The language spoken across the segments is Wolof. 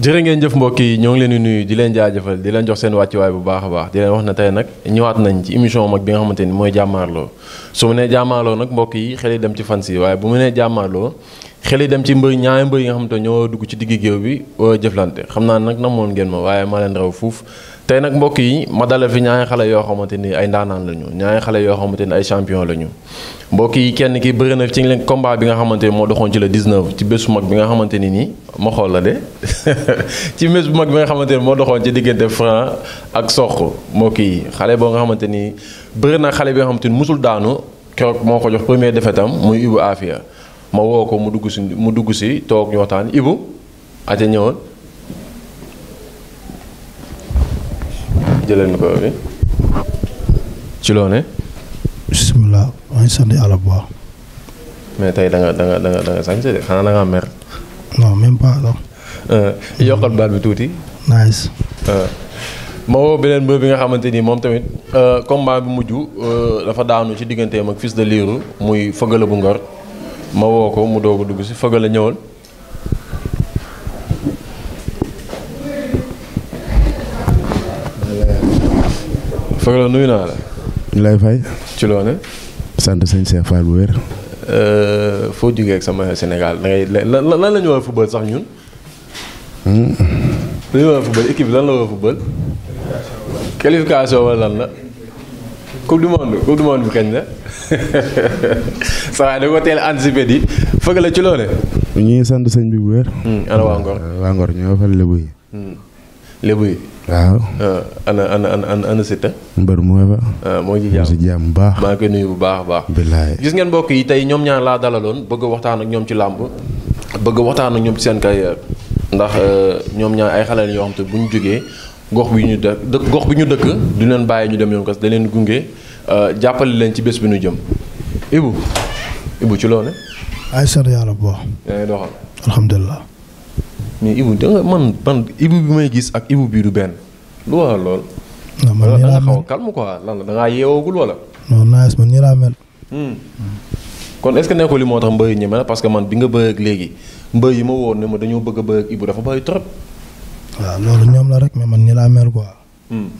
jëre ngeen jëf mbokk yi ñoo ngi leen di nuyu di leen jaajëfal di leen jox seen wàccuwaay bu baax a baax di leen wax na tey nag ñëwaat nañ ci émission mag bi nga xamante ni mooy jàmmaarloo su mu nee nag mbokk yi xel dem ci fans yi waaye bu mu nee jàmmaarloo xel yi ci mbër ñaari mbër yi nga xamante ñoo dugg ci digg géew bi war a jëflante xam naa nag namoon ngeen ma waaye maa leen raw fuuf tey nag mbokk yi ma dalal fi ñaari xale yoo xamante ni ay ndaanaan la ñaari xale yoo xamante ni ay champion la mbokk yi kenn ki bëri na ci leen xamante ni moo doxoon ci le 19 ci bésu mag bi nga xamante ni nii ma xool la de ci mes bu mag bi nga xamante ni moo doxoon ci diggante Franc ak Sokh moo kii xale boo nga xamante ni bëri na xale bi nga xamante ni musul daanu keroog moo ko jox premier défaite am muy Ibou Afia ma woo ko mu dugg si mu dugg si toog ñu waxtaan Ibou ate ñëwoon jëleen ko bi ci loo ne bismillah maa ngi sant yàlla mais tey danga nga da nga da nga da nga de xanaa da mer non même euh, yokkal baat bi tuuti. nice. Euh, ma woo beneen mbër bi nga xamante ni moom tamit euh, combat bi mujj dafa daanu ci digganteem ak fils de Lirou muy Feugeula bu Ngor ma woo ko mu doog dugg si Feugeula ñëwal. Feugeula nuyu naa la. ñu lay fay. ci loone sant sëñ Cheikh Fall bu wér. Euh, foo jógee sama Sénégal da lan lan la ñu war a football sax ñun. Hmm. lan ñu war a football équipe lan la war a football. qualification wala lan la. coupe du monde coupe du monde bi kañ la. ça va da ko teel anticipé di fëgg la ci loole ñu ngi sant sëñ bi bu wér. Hmm, ana waa Ngor. ñoo fa lébu yi. Hmm. waaw. Euh, ana ana ana ana Siteu. mbër mu nga fa. Ah, moo ngi ci jàmm bu baax maa ngi koy nuyu bu baax a baax. billaay gis ngeen mbokk yi tey ñoom ñaar laa dalaloon bëgg waxtaan ak ñoom ci làmb bëgg waxtaan ak ñoom ci seen carrière ndax euh, ñoom ñaa ay xale yoo xam te bu ñu jógee gox bi ñu dëkk gox bi ñu dëkk du leen bàyyi ñu dem yoon kas da leen gunge euh, jàppale leen ci bés bi ñu jëm Ibou Ibou ci loone ay sant bu baax. yaa ngi doxal. alhamdulilah. mais Ibou da man man Ibou bi may gis ak Ibou bii du benn lu waral lool. non man nii laa mel da nga xaw a calme quoi la da ngaa man nii laa mel. Hmm. kon est-ce nekkul li moo tax mbëy ñeme na parce que man bi nga bëgg léegi mbër yi ma woon ne ma dañoo bëgg a bëgg ak Ibou dafa bëri trop. waaw loolu ñoom la rek mais man nii laa mel quoi. Hmm.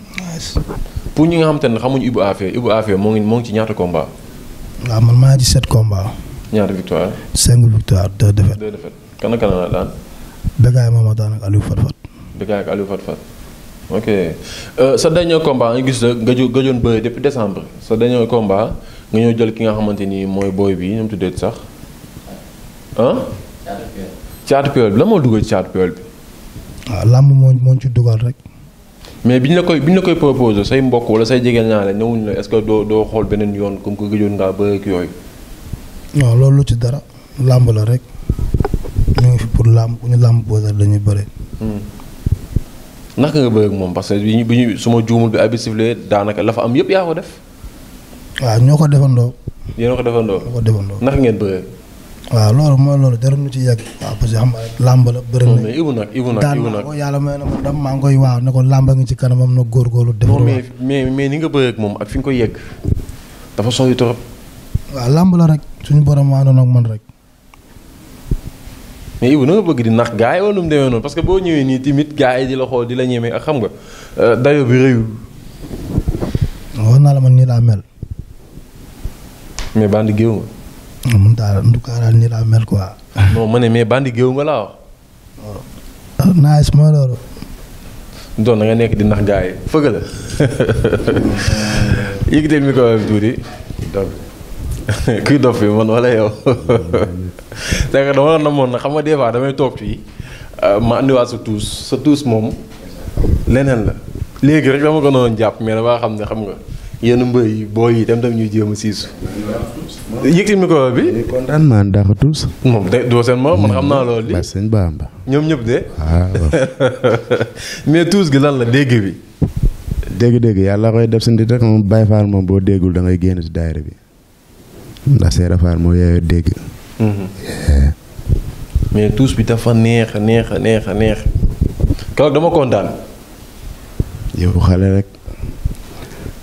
pour ñi nga xam te ne xamuñu Ibou Afé Ibou Afé moo ngi moo ci ñaata combat. waaw man maa ngi ci sept combat. ñaata victoire. cinq victoire deux défaites. deux défaites kan la daan. Bécaye moo ma daan ak Aliou Fatfat. Bécaye ak Aliou Fatfat ok euh, sa dañoo combat nga gis la nga jo gëjoon sa dernier combat nga ñëw jël ki nga xamante ni mooy booy bi ñu mu tuddee sax ah. caatu bi la moo dugal ci caatu bi. waaw ah, làmb moo moo ci dugal rek. mais biñ la koy biñ la koy proposer say mbokk wala say jigéen ñaare newuñ la est-ce que doo doo xool beneen yoon comme que gëjoon ngaa bëri ak yooyu. non loolu lu ci dara làmb la rek. ñu ngi fi pour làmb bu ñu làmb boosal dañuy bëre. Hmm. naka nga bëgg ak moom parce que bi ñu bi ñu suma juumul bi arbitre sifflé daanaka la fa am yëpp yaa ko def. waaw ñoo ko defandoo. yéen a ko defandoo ñoo ko defandoo. naka ngeen bëggee. waaw loolu mooy loolu dara ñu ci yàgg. waaw parce que xam nga làmb la bëri na. Oh, mais Ibou nag Ibou nag Ibou nag yàlla may na ma dam maa ngi koy waaw ne ko làmba ngi ci kanamam na góorgóorlu. def mais mais mais ni nga bëggee ak moom ak fi nga koy yegg dafa sooy trop. waaw làmb la rek suñu borom àndoon ak man rek mais Ibou na nga bëgg di nax gars yi wala nu mu demee noonu parce que boo ñëwee nii timit gaay yi di la xool di la ñeme ak xam nga euh, dayo bi rëyul. wax naa la man nii laa mel. mais ah, ne mais bandi géew nga laa wax. waaw. su ma loolu. doon na nekk di nax gars fëgg la. yëg teel micro bi tuuti kuy dof bi man wala yow c'est que dama la namoon na xam nga des fois damay toog fii euh, ma andiwaat sa tuus sa tuus moom leneen la léegi rek dama ko noonu jàpp mais damaa xam ne xam nga yenn mbëy booy yi tam ñuy jéem a siisu. yëkkati micro bi. kontaan tuus. moom de doo seen moom man xam naa loolu. li mm, sëñ Bamba ñoom ñëpp de. Ah, mais tuus gi lan la dégg bi. dégg-dégg yàlla koy def si nit rek moom Baye Fall moom boo déggul da ngay génn si daayira bi. ndax Seera Faal moo yaayoo dégg. Mhm. Eh. mais tuus bi dafa neex a neex a neex a neex. keroog dama kontaan. yow xale rek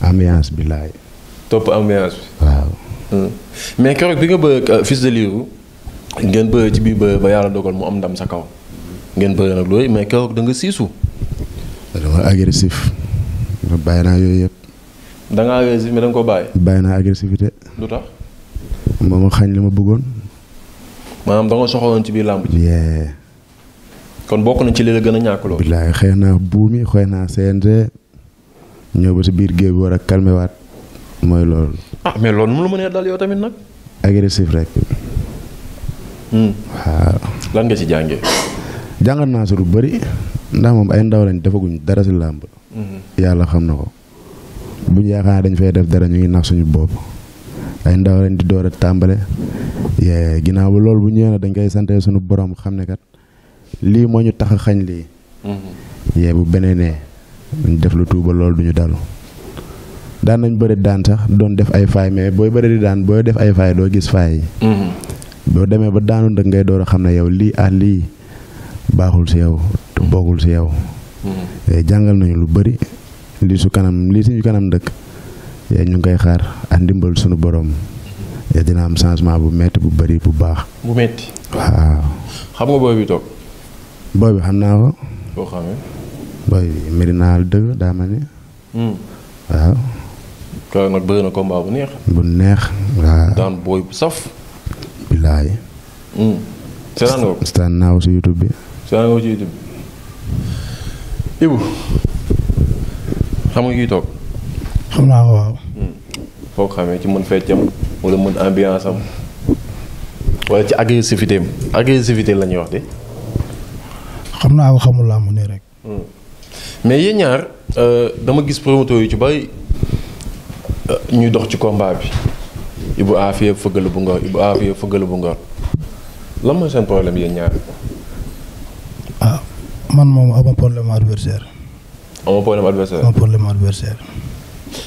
ambiance bi laay. topp ambiance bi. waaw. Hmm. mais keroog bi nga bëgg euh, Fils de Lirou ngeen bëre ci biir ba yàlla dogal mu am ndam sa kaw ngeen bëre nag looy mais keroog da siisu. dama agressif. bàyyi naa yooyu yëpp. da nga mais da ko bàyyi. bàyyi naa agressivité. moo ma xañ li ma bëggoon. maanaam da nga ci biir làmb ji. kon bokk na ci li la gën a ñàkk loolu. bilaay xëy na buumi xëy na CNG ñëw ba si biir géew bi war a calmé waat mooy loolu. ah mais loolu mu la mënee dal yow tamit nag. agressif rek. Hmm. waaw. lan nga ci jàngee. jàngat naa si lu bari ndax moom ay ndaw lañ defaguñ dara si làmb. Hmm. yàlla xam na ko. buñ yaakaar dañ fay def dara ñu ngi nax suñu bopp. ay ndaw lañ di door a tàmbale ginnaaw ba loolu bu ñu na dañ koy sante sunu borom xam ne kat lii moo ñu tax a xañ lii mm-hmm. yee bu beneenee dañ def lu tuuba loolu duñu dal daan nañ bëri daan sax doon def ay faay mais booy bëri di daan booy def ay faay doo gis faay yi mm-hmm. boo demee ba daanu nag ngay door a xam ne yow lii ah lii baaxul si yow te bokkul si mm-hmm. jàngal nañu lu bëri lii su kanam lii suñu kanam dëkk yaa ñu ngi koy xaar ak ndimbal suñu borom dina am changement bu metti bu bari bu baax. bu metti waaw. xam nga booy bi toog. booy bi xam naa ko. booy hmm. na combat bu neex. bu daan booy bu saf. bilaay. Hmm. seetaan nga ko seetaan naa ko YouTube bi. Ibu xam nga kiy toog. xam naa ko waaw. Hmm. foo ko xamee ci mën feccam wala mën ambiance am wala ci agressivité am lañuy wax de. xam naa ko xamul làmb nii rek. Hmm. mais yéen ñaar euh, dama gis promoteur yu ci bari euh, ñuy dox ci komba bi. Ibou Afia fëggalu bu ngor Ibou Afia fëggalu bu ngor lan mooy seen problème yéen ñaar. Ah, man moom amoo problème adversaire. amoo problème adversaire.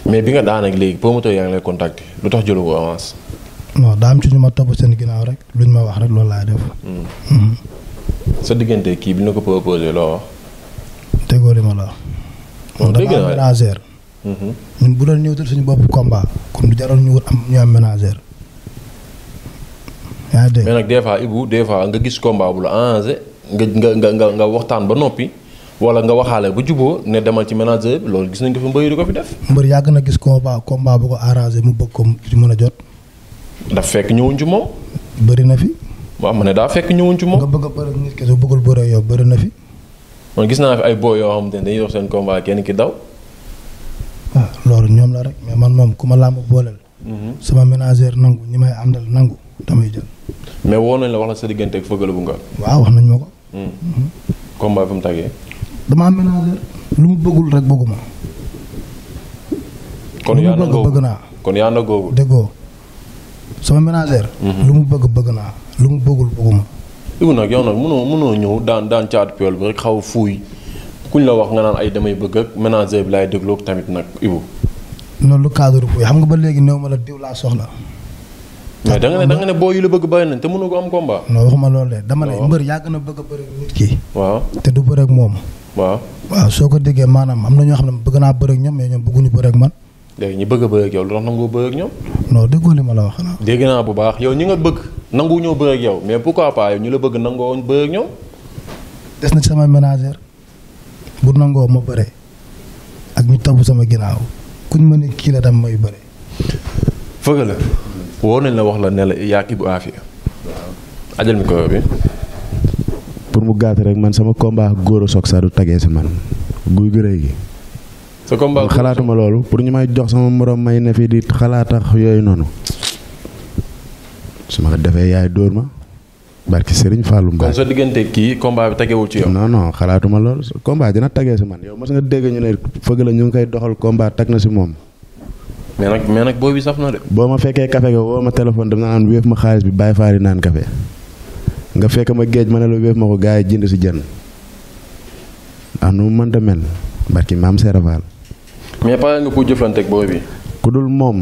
mais bi nga daan ak léegi promoteur yaa ngi lay contacter lu tax jëlu ko daa am ci ñu ma topp seen ginnaaw rek luñ ma wax rek loolu laa def. Hmm. Hmm. sa diggante kii bi ñu ko proposé loo wax. déggoo li ma la wax. Oh, manager hmm. ñun bu doon ñëwtal suñu bopp combat kon du jaroon ñu am ñu am manager. yaa dégg mais nag des fois Ibou des nga gis combat bu la arrangé nga nga nga nga waxtaan ba noppi. wala nga waxaale bu juboo ne demal ci manager bi loolu gis nañ ko fi mbëri di ko fi def. mbër yàgg na gis combat combat bu ko arrangé mu bëgg ko mën a jot. daf fekk ñëwuñ ci moom. bëri na fi. waaw ma ne daa fekk ñëwuñ ci moom. nga bëgg a bëri nit ki su bëggul bëri yow bëri na fi. man gis naa fi ay boo yoo xamante ne dañuy dox seen combat kenn ki daw. waaw ah, loolu ñoom la rek mais man moom ku ma làmb booleel. Mhm. sama manager nangu ñi may àndal nangu damay jël. mais woo nañ la wax la sa diggante ak fëggalu bu nga. waaw wax nañ ma ko. Hmm. Mhm. combat bi mu tàggee. damaa ménageur lu mu bëggul rek bëgguma kon yaa na googu bëgg naa. kon yaa na googu déggoo mhm. lu mu bëgg bëgg naa lu mu bëggul bëgguma. Ibou nag yow nag mënoo mënoo ñëw daan daan caatu bi xaw a ku kuñ la wax nga naan ay damay bëgg ak ménageur bi laay déglu tamit nag Ibou. loolu lu cadre fuuy xam nga ba léegi néew ma la diw laa soxla. mais danga ne da ne boo yi la bëgg bëri nañ te mënoo ko am combat. non waxuma loolu de dama ne mbër yaa gën bëgg a bëri nit ki. te du bëri moom. waaw waaw soo ko déggee maanaam am na ñoo xam ne bëgg naa bëre ak ñoom mais ñoom bëgguñu bëre ak man léegi ñu bëgg a bëre ak yow lu tax nangoo bëre ak ñoom li ma la wax xanaa dégg naa bu baax yow ñi nga bëgg nangu ñoo bëre ak yow mais pourquoi pas ñu la bëgg nangoo bëre ak ñoom des na sama ménagère bu nangoo ma bëre ak ñu topp sama ginnaaw kuñ ma ne kii la dam may bëre fëgg la woo nañ la wax la ne la yaa Ibou Afia ajal micro bi pour mu gàtt rek man sama combat góora soog saa du tagee si man guy gërëy gi. sa combat xalaatuma loolu pour ñu may jox sama moroom may ne fii di xalaatax yooyu noonu. su ma defee yaay dóor ma barki Serigne Fallou Mbaye. kon sa diggante kii combat bi tegewul ci yow. non non xalaatuma loolu combat dina tagee si man yow mos nga dégg ñu ne fëgg la ñu ngi koy doxal combat tag na si moom. mais nag mais nag boobu saf na de. boo ma fekkee kafe ga woo ma téléphone dem naa naan wéef ma xaalis bi bàyyi faari naan café nga fekk ma géej ma ne la wéef ma ko gars yi jënd si jën ah nu mu mënta mel barki maam Serapal. mais pare nga pour jëflanteeg bi ku dul moom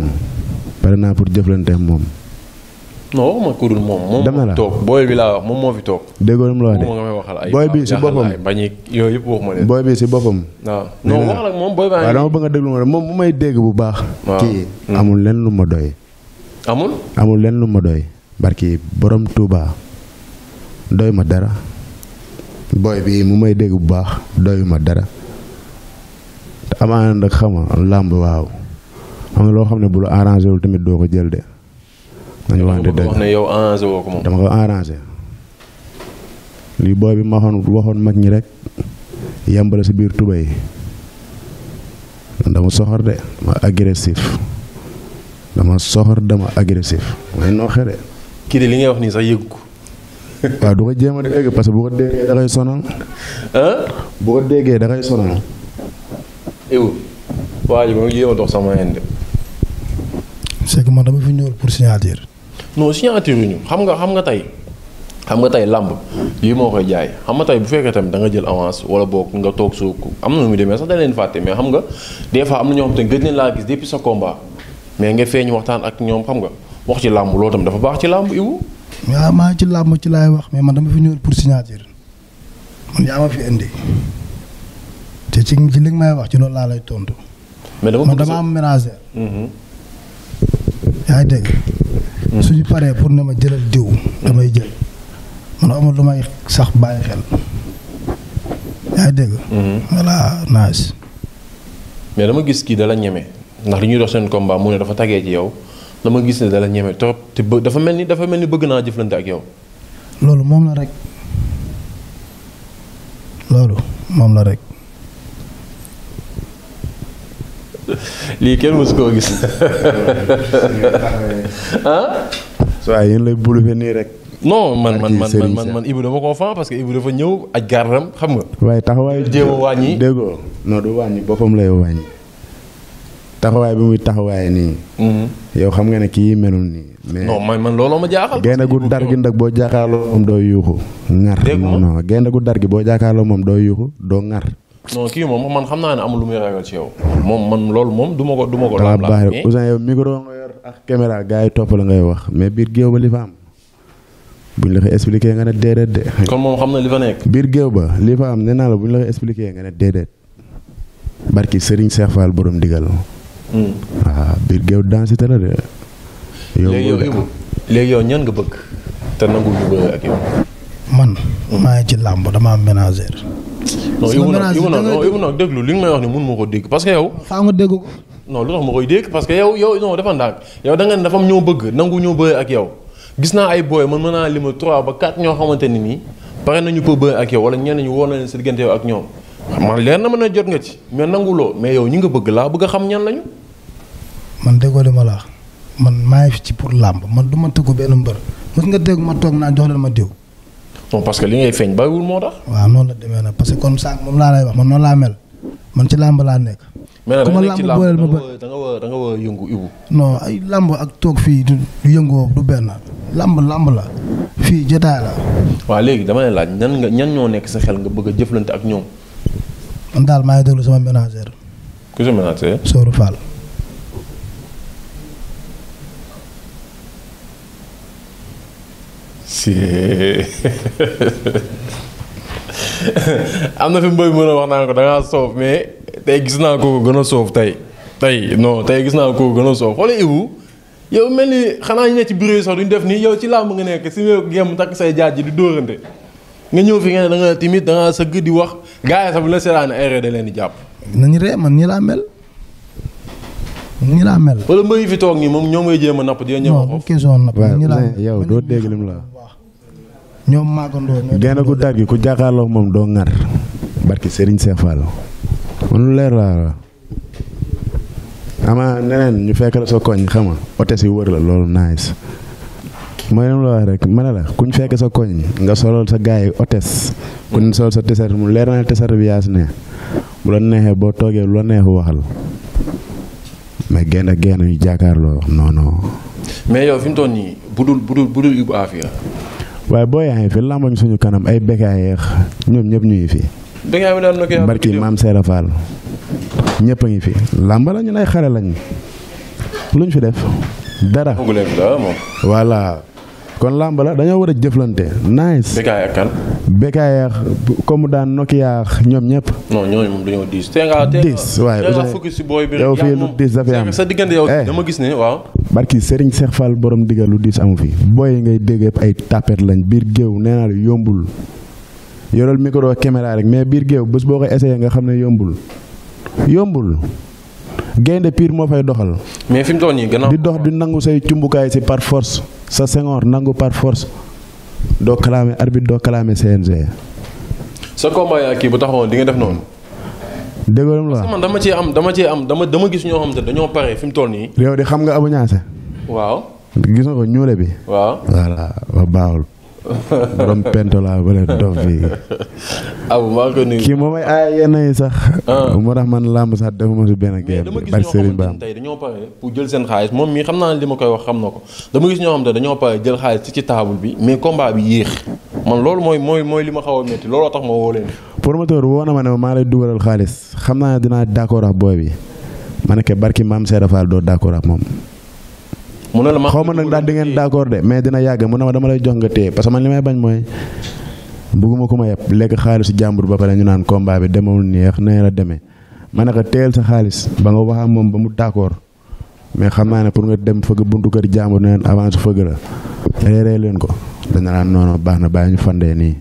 pare naa pour jëflanteeg moom. non waxuma ku dul moom. dem na la moom moo fi toog booy bi laa wax moom moo fi mu may dégg bu baax. waaw kii hmm. amul lenn lu ma doy. amul amul lenn lu ma doy. barki borom Touba. doy ma dara booy bi mu may dégg bu baax doy ma dara te amaana nag xama làmb waaw am na loo xam ne bu la arrangé wul tamit doo ko jël de. nañu waxante dëgg wax yow arrangé woo ko moom dama ko arrangé lii booy bi ma waxoon waxoon mag ñi rek yàmbale si biir tuba dama soxor de dama agressif dama soxor dama agressif mooy nooxe de. kii de li ngay wax nii sax yëg ko. waaw du ko jéem a dégg parce que bu ko déggee da koy sonal. bu déggee da koy sonal. waa ji moom jéem a dox sama dama fi ñëwul pour signature. non signature ñu xam nga xam nga tey. xam nga tey lii moo koy jaay xam nga tey bu fekkee tamit da nga jël avance wala boog nga toog su am na nu muy demee sax da leen fàtte mais xam nga des fois am na ñoo xam te laa gis mais nga feeñ waxtaan ak ñoom xam nga wax ci làmb loo tamit dafa baax ci làmb Ibu. waaw ah, maa ngi ci làmb ci laay wax mais man dama fi ñëw pour signature man yaa ma fi indi te ci ci li nga may wax ci loolu laa lay tontu. mais dama dama am ménager. Mhm. yaa mhm. suñu paree pour ne ma jëlal diw damay jël man lu may sax bàyyi xel. yaa ngi dégg. Mhm. voilà nice. mais dama gis kii dala ñeme ndax li ñuy dox seen combat mu ne dafa tagee ci yow. dama gis ne dala ñeme te bë dafa mel ni dafa mel ni bëgg naa jëflante ak yow. loolu moom la rek loolu moom la rek. lii kenn mësu koo gis. ah. waaw yéen lay boulever nii rek. non man man man man man Ibou dama koo fan parce que Ibou dafa ñëw aj gardam xam nga. waaye taxawaayu jéem a wàññi déggoo non du wàññi boppam lay wàññi. taxawaay bi muy taxawaay nii. Mm-hmm. yow xam nga ne kii melul nii. mais man man looloo ma gaynde gu dar gi boo jàkkaarloo moom doo yuuxu. ngar gu dar gi boo jàkkaarloo moom doo yuuxu doo ngar. non kii moom man xam naa ne amul lu muy ragal ci yow. moom loolu moom duma ko du ma ko. laam laam mais Ouzin yow micro ak caméra gars yi topp la ngay wax mais biir géew ba li fa am buñ la ko nga ne déedéet de. kon xam na li fa nekk. biir géew ba li fa am nee naa la buñ la ko expliqué nga ne déedéet barki Serigne Cheikh Fall borom digal waaw ah, biir géew densité la de. yow léegi yow ñan nga bëgg. te nangu ñu bëgg ak yow. man. maa ngi ci làmb damaa ménager. non Ibou nag Ibou nag non déglu li may wax ni mun ma ko dégg parce que yow. faa nga dégg ko. non lu tax ma koy dégg parce que yow yow non dafa ndànk yow da nga ne dafa ñoo bëgg nangu ñoo bëri ak yow gis naa ay booy man mën naa lima 3 ba 4 ñoo xamante ni nii pare nañu pour bëri ak yow wala ñenn ñu woo na leen sa diggante yow ak ñoom man leer na mën a jot nga ci mais nanguloo mais yow ñi nga bëgg laa bëgg a xam ñan lañu. man déggoo di ma la man maa ngi fi ci pour làmb man du ma tëggu benn mbër mos nga dégg ma toog naa jox leen ma diw. non parce que li ngay feeñ bàyyiwul moo tax. waaw noonu la demee nag parce que comme sànq moom laa lay wax man noonu laa man ci làmb laa nekk. ku ma ma ba da nga war da nga war yëngu ibu. non ay làmb ak toog fii du yëngoo du benn làmb làmb la fii jotaay la. waaw léegi dama laaj ñan nga ñan ñoo nekk sa xel nga bëgg a jëflante ak ñoom man daal maa ngi déglu sama ménagère. ku sa am na fi mbéy mën a wax naa ko da ngaa soof mais tey gis naa kooku gën a soof tey tey non tey gis naa kooku gën a soof wala Ibou yow mel ni xanaa ñu ne ci bureau yi sax duñ def nii yow ci làmb nga nekk si mu gem takk say jaaj yi di dóorante. nga ñëw fi nga ne da nga timide di wax gars yi sax bu la seetaan erreur da leen di jàpp. nañu ree man nii laa mel nii laa mel. wala mbay fi toog nii moom ñoo may jéem a napp di ñëw. non question napp nii laa yow doo dégg lim la. ñoom maagandoo ñoom. génn gu dar gi ku jàkkaarloog moom doo ŋar. barki Serigne Cheikh Fall. man lu leer laa ama neneen ñu fekk la sa koñ xam nga otes yi wër la loolu nice mooy leen la wax rek ma ne la kuñ fekk sa koñ nga solol sa gaay yi otes kuñ solol sa t mu leer na t-shirt bi yaas ne bu la neexee boo toogee lu la neexu waxal mais génn ak génn ñu jàkkaarloo non non. mais yow fi mu toll nii budul budul budul Ibou Afia. waaye boo yaa fi lambañ suñu kanam ay bekaayeex ñoom ñëpp ñu ngi fi. bekaayeex bi daan maam Seera Fall ñëpp a ngi fi lamba la ñu ay xare lañ luñ fi def dara. voilà. kon làmb la dañoo war a jëflante nice. Bécaye comme daan Nokia ñoom ñëpp. diis. tey nga tey nga lu diis dafay am sa diggante yow eh. dama gis ne waaw. barki Serigne Cheikh Fall borom digal lu diis amu fi. booy yi ngay dégg ay tapet lañ biir géew nee naa yombul yoral micro caméra rek mais biir géew bés boo ko essayé nga xam ne yombul yombul. gaynde pire moo fay doxal. mais fi mu toll nii gannaaw di dox di nangu say cumbukaay si par force sa sengoor nangu par force doo kalaame arbitre doo kalaame CNG. sa combat yaa kii bu taxawoon di nga def noonu. déggoon la man dama cee am dama cee am dama dama gis ñoo xam te dañoo pare fi mu toll nii. réew di xam nga Abou Niasse. waaw. gis nga ko ñuule bi. waaw voilà baaxul. borom pento laa bële dof bi. abu maa ko nuyu. kii moom ay ay yenn yi sax. Ah. moo tax man làmb sax defuma si benn game. bari sëriñ Ba tey dañoo pare pour jël seen xaalis moom mii xam naa ne li ma koy wax xam na ko dama gis dañoo pare jël xaalis ci ci bi mais combat bi man loolu mooy mooy mooy li ma xaw a métti looloo ma woo leen. promoteur woo na ma ne maa lay dugalal xaalis xam naa ne dinaa d'accord ak booy bi ma ne barki maam Serap Fall doo d'accord moom. mu ma xaw ma nag daal di ngeen d'accord de mais dina yàgg mu ne ma dama lay jox nga téye parce que man li may bañ mooy bëgguma ku ma yeb lekk xaalisu jàmbur ba pare ñu naan combat bi demewul neex nee la demee ma ne ko teel sa xaalis ba nga wax moom ba mu d'accord mais xam naa ne pour nga dem fëgg buntu kër jàmbur ne leen avance fëgg la reeree leen ko dana laan noonu baax na bàyyi ñu fandee nii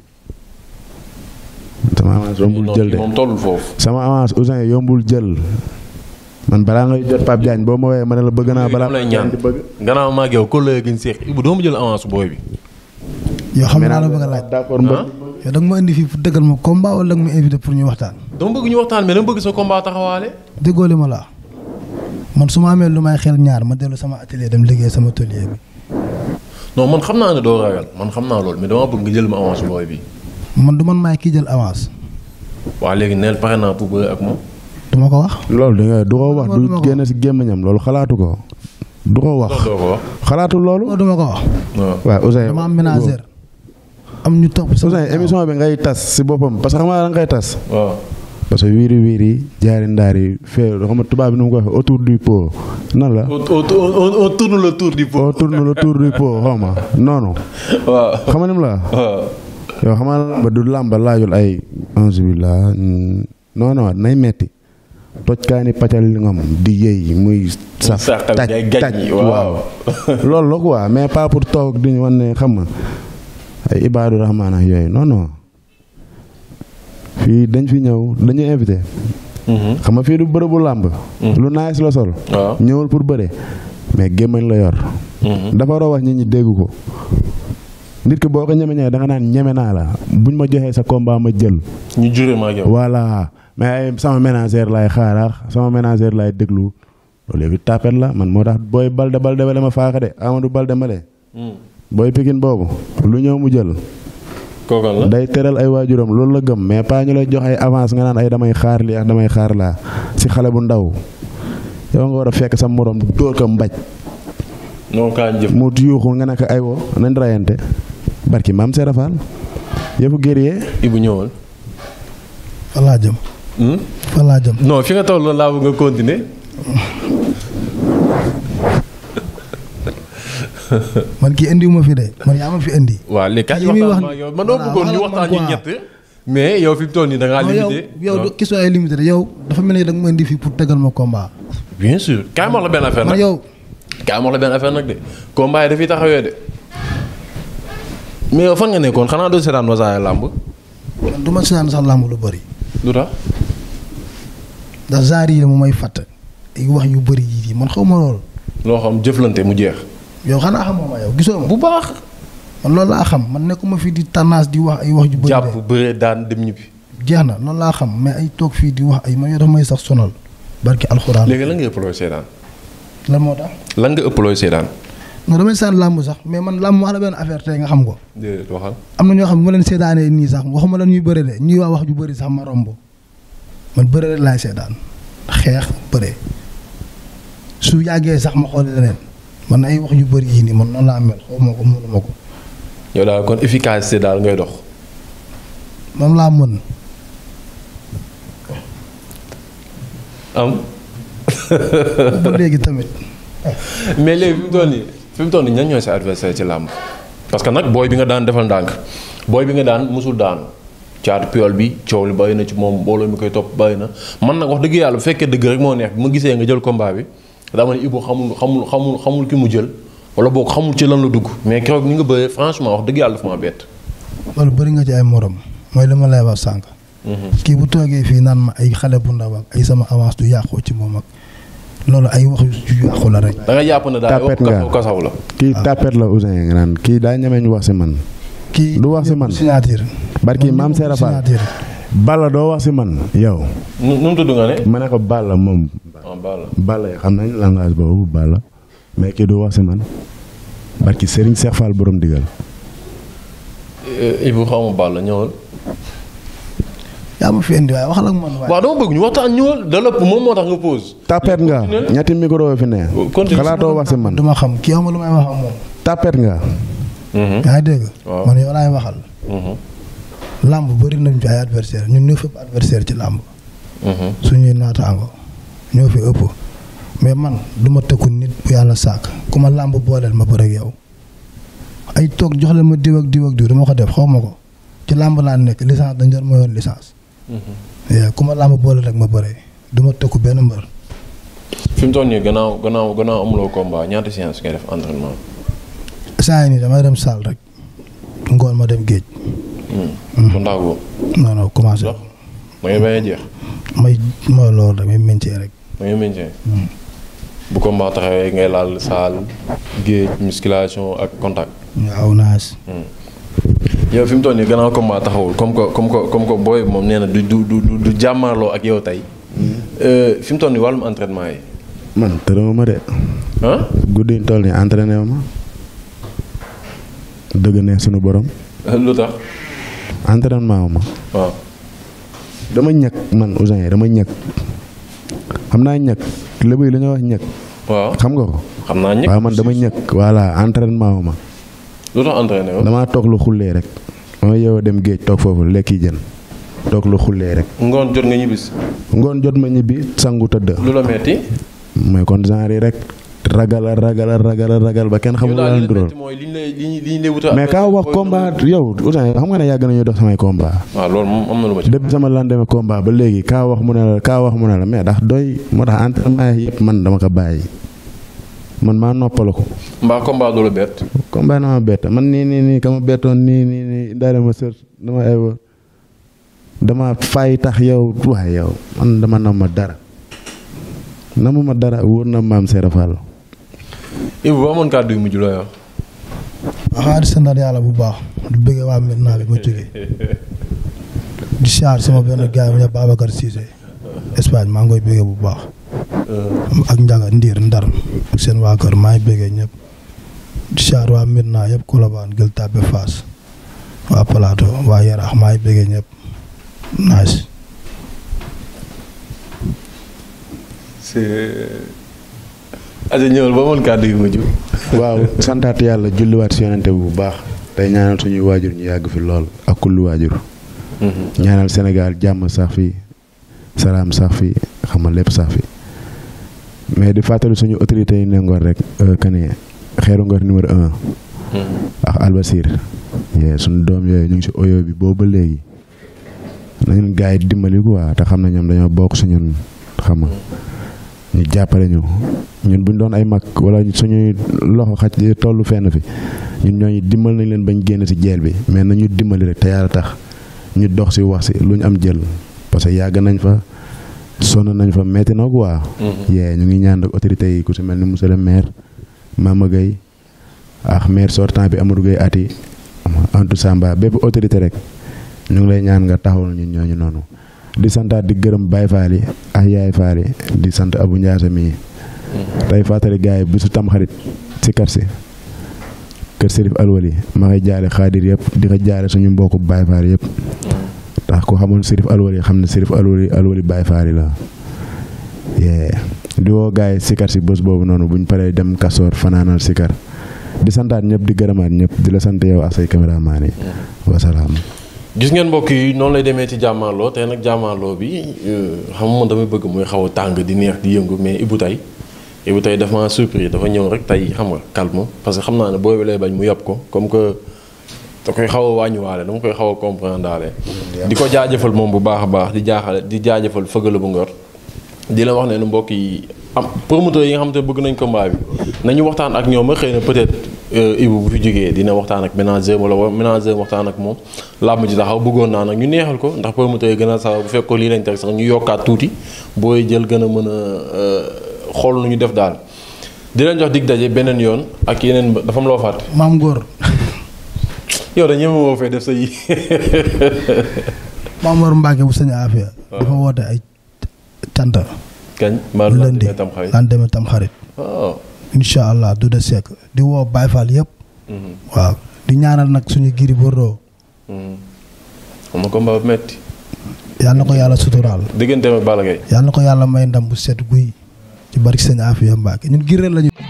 sama avance yombul jël de sama avance Ouzin yombul jël man balaa ngay jot Pape Diagne boo ma woowee ma la bëgg naa balaa lay ñaan ko la giñ seex Ibou doo xam naa la bëgg a laaj d'accord ah? yow da ma indi fii pour dëggal ma combat wala ma invité pour ñu waxtaan dama bëgg ñu waxtaan mais dama bëgg sa combat taxawaale déggoo li man su ma amee lu may xel ñaar ma dellu sama atelier dem liggéey sama atelier bi non xam naa ne doo man xam naa loolu mais dama bëgg nga jël ma avance booy bi man du man maay kii jël avance waa léegi neel pare naa pour bëre ak moom moo ko wax. loolu da du ko wax du génn si gémmiñam loolu xalaatu ko. du ko wax xalaatu loolu. du ma am ménagère. am ñu topp sa émission bi ngay tas si boppam parce que xam nga da koy tas. parce que wiiri wiiri jaari ndaari fee xam nga tubaab bi nu mu ko waxee autour du pot nan la. on on tourne le tour du pot. on tourne le tour du pot xaw ma noonu. waaw xam nga ni mu la. yow xam nga ba du làmba laajul ay. alhamdulilah mm, non non nay metti tojkaani pacal li ngam di yëy muy saf taj taj waaw loolu la quoi mais pas pour toog di ñu xam nga ay ibaadu rahmaan yooyu non non fii dañ fi ñëw dañu invité mhm. xam nga fii du bërëbu làmb mhm. lu nice la sol ñëwul pour bëre mais gémmañ la yor mhm. dafa roo wax ñi dégg ko nit ki boo ko ñeme ñee da naan ñeme naa la buñ ma joxee sa combat ma jël ñu mais sama ménagère laay xaaraax sama ménagère laay déglu loolu yëpp tapet la man moo tax booy balde balde ba ma faaxa de Amadou balde male hmm. booy pikin boobu lu ñëw mu jël. kooku day teral ay waajuram loolu la gëm mais pas ñu lay joxe avance nga naan ay damay xaar lii ak damay xaar laa si xale bu ndaw yow nga war fekk sa morom dóor ko mbaj. noo kaa mu yuuxu nga nekk ay wo nañ rayante barki maam Serafal yëfu guerrier. Ibu ñëwal. Hmm? fan laa jëm. non fi nga toll laa bëgg nga continuer. man kii indi ma fi de man yaa ma fi indi. waa léegi kañ waxtaan ma yow man doo bëggoon ñu waxtaan ñu ñett. mais yow fi toll nii da ngaa limité. yow yow question ay limité yow dafa mel ni da nga ma indi fii pour tegal ma combat. bien sûr kaay ma la benn affaire nag de combat yi dafiy taxawee de. mais yow fan nga nekkoon xanaa doo seetaan Wassare Lamb. man du ma seetaan sax lamb lu bëri. lu tax. ndax genre yi moom may fàtt ay wax yu bëri yi man xaw ma loolu. loo xam jëflante mu jeex. yow xanaa xamoo ma yow gisoo ma bu baax. man loolu laa xam man nekkuma fii di tendance di wax ay wax ju bëri jàpp bëree daan dem ñibbi. jeex na loolu laa xam mais ay toog fii di wax ay man yoo dafa may sax sonal. barki alxuraan. léegi la nga ëpp looy seedaan. lan moo tax. la nga ëpp looy seedaan. non damay seetaan làmb sax mais man làmb wax la benn affaire tey nga xam ko. déedéet waxal. am na ñoo xam ne bu ma leen seedaanee nii sax bëri ñuy wax ju bëri sax ma romb man bëre rek laay seetaan xeex bëre su yàggee sax ma xool leneen man ay wax yu bari yii nii man noonu laa mel xaw ma ko mënuma ko. yow daal kon efficacité daal ngay dox. moom laa mën. am. ba léegi tamit. mais léegi fi mu toll nii fi mu toll nii ñan ñooy sa adversaire ci làmb parce que nag booy bi nga daan defal ndànk booy bi nga daan musul daanu. caatu piol bi coow li bàyyi na ci moom mbooloo mi koy topp bàyyi na man nag wax dëgg yàlla bu fekkee dëgg rek moo neex bi ma gisee nga jël combat bi dama ne Ibou xamul xamul xamul mu jël wala boog xamul ci lan la dugg mais keroog ni nga bëree franchement wax dëgg yàlla dafa ma bett. loolu nga ci ay morom mooy li ma lay wax sànq. Mhm. kii bu toogee fii naan ma ay xale bu ndaw ak ay sama avance du yàqoo ci moom ak loolu ay wax yu yàqu la rek. da nga jàpp ne daal yow kasaw la. kii ah. tapet la Ousseyn nga naan kii daa ñeme ñu wax si man. kii du wax si man barki maam Seera Balla doo wax si man yow. nu nu ma ne ko Balla moom. ah Balla Balla xam nañ langage boobu Balla mais kii du wax si man barki Serigne Cheikh Fall borom digal. Eh, Ibou xaw yaa ma fi indi waaye waxal ak man waaye. waaw dama bëgg ñu waxtaan ñëwal da lépp moom moo tax nga pause. tapet nga ñetti micro fi ne. xalaatoo wax si man. dama xam kii amul lu wax ak moom. nga. Mm-hmm. yaa ngi man yow waxal. Mm-hmm. làmb bëri nañ ci ay adversaire ñun ñoo fi ëpp adversaire ci làmb mhm. suñuy naataango ñoo fi ëpp mais man du ma tëkku nit yàlla sàkk ku ma làmb booleel ma bëri yow ay toog jox leen ma diw ak diw ak def xaw ma ko ci làmb laa nekk licence dañ doon ma mhm. ku ma làmb booleel rek ma bëri du ma tëkku benn mbër fi mu toll nii gannaaw gannaaw gannaaw amuloo combat ñaata séance def saa yi nii damay dem salle rek ngoon ma dem géej bu ndax gu. non commencé. dox ma ngi bañ jeex. may ma loolu damay métier rek. ma ngi hmm. bu ko mbaa taxawee ngay laal saal géej musculation ak contact. waaw naas. Hmm. yow fi mu toll nii gannaaw combat taxawul comme que comme que comme que booy moom nee du du du du ak yow tey hmm. euh, fi mu toll nii wàllum entraînement yi. man tërëma ma de. ah guddi toll nii entraîné dëgg ne sunu borom. lu tax. entraînement ma. waaw dama ñëkk man Ouzin dama ñàkk xam naa ñàkk lébu yi la wax ñàkk. waaw xam nga ko. xam naa man dama ñàkk voilà entraînement ma. lu tax entraîné woon toog lu xullee rek. ma yeewoo dem géej toog foofu lekki jën. toog lu xullee rek. ngoon jot nga ñibbis. ngoon jot ma ñibbi sangu tëdd. mooy kon genre rek. ragal ragal ragal ragal ba kenn xamul lan dural mais kaa wax combat yow Ouzin xam nga ne yàgg sama lan demee combat ba léegi kaa wax mu ne la kaa doy moo tax entraînement yëpp man dama ko bàyyi maa noppal ko. mbaa ma nii nii nii ka ma nii nii nii daal ma sër dama ay dama fay tax yow waaye yow nam ma dara namu dara wóor na maam Serap Ibou boo amoon kàddu yu mujj looy wax. waaw ah, di sant yàlla bu baax du bëggee waa maintenant bi ma jógee di siyaar sama benn gars yi Babacar Cissé Espagne maa ngi koy bu baax. ak Ndiaga Ndiir Ndar ak seen waa kër maa ngi bëggee ñëpp di siyaar waa maintenant yëpp Colobane Gueule Tapée Fass waa Plateau waa Yarax maa ngi bëggee ñëpp aja ñëwal ba mën kàddu yu mujj. waaw santaat yàlla julliwaat si yonente bu baax tey ñaanal suñuy waajur ñu yàgg fi lool ak kullu waajur. Mhm. ñaanal Sénégal jàmm sax fi salaam sax fi xam nga lépp sax fi mais di fàttali suñu autorité yi ne Ngor rek kani euh, xeeru nga numéro un. Mhm. ak Albasir. suñu doom yooyu ñu ngi si oyo bi boobu ba léegi nañu gaa yi dimbali quoi te xam na ñoom dañoo bokk suñu xam nga mhm. ñu jàppale ñu ñun bu ñu doon ay mag wala suñuy loxo xaj tollu fenn fi ñun ñooñu dimbal nañ leen bañ génn ci jeel bi mais nañu dimbali rek te yàlla tax ñu dox ci wax ci lu ñu am jël parce que yàgg nañ fa sonn nañ fa metti na waa mm-hmm. yee ñu ngi ñaan ak autorités yi ku ci mel ni monsieur le maire Mama Gueye ak maire sortant bi Amadou Gueye Ati Antou Samba bépp autorité rek ñu ngi lay ñaan nga taxawal ñun ñooñu noonu. di santaat di gërëm Baye Fall yi ak Yaay Fall di sant Abu Ndiaye mii tey fàttali gars yi bisu tam xarit si kër si kër Serif Alwali ma koy jaale xaadir yëpp di ko jaale suñu mbokku Baye Fall yëpp ndax ku xamoon Serif Alwali xam ne Serif Alwali Alwali Baye Fall la di woo gars yi sikar si bés boobu noonu buñ paree dem kasoor fanaanal sikar di santaat ñëpp di gërëmaat ñëpp di la sant yow ak say caméraman yi wasalaam gis ngeen mbokk yi noonu lay demee ci jàmmaarloo tey nag jàmmaarloo bi euh, xam nga man bëgg muy xaw tàng di neex di yëngu mais Ibou Tay Ibou Tay dafa ma surpris dafa ñëw rek tey xam nga calme parce que xam naa ne booy lay bañ mu yàpp ko comme que da koy xaw a wàññiwaale dama koy xaw a comprendre daale di ko jaajëfal moom bu baax a baax di jaaxale di jaajëfal fëgala bu ngor di la wax nee ne mbokk yi am pour promoteurs yi nga xam te bëgg nañ combat bi nañu waxtaan ak ñoom a xëy na peut-être Euh, Ibou bu fi jógee dina waxtaan ak manager wala manager waxtaan ak moom làmb ji taxaw bëggoon naa nag ñu neexal ko ndax promoteur yi gën a sax bu fekkoon lii lañ teg sax ñu yokkaat tuuti booy jël gën a mën a euh, xool nu ñu def daal di jox dig daje beneen yoon ak yeneen dafa am loo fàtte. maam góor. yow dañu ñëw woo fee def sa yi. maam góor Mbacke bu sëñ Afia. dafa woote ay cant. kañ mbaa lu lan demee tam xarit. incha allah du de sekk di woo Baye Fall yëpp. Mhm. waaw di ñaanal nag suñu Gris Bordeaux. Mhm. xam nga combat bu metti. yàlla na ko yàlla suturaal. digganteem ak Balla Gaye. yàlla na ko yàlla may ndam bu set guy ci barke sëñ Afia Mbacke ñun Gris lañu.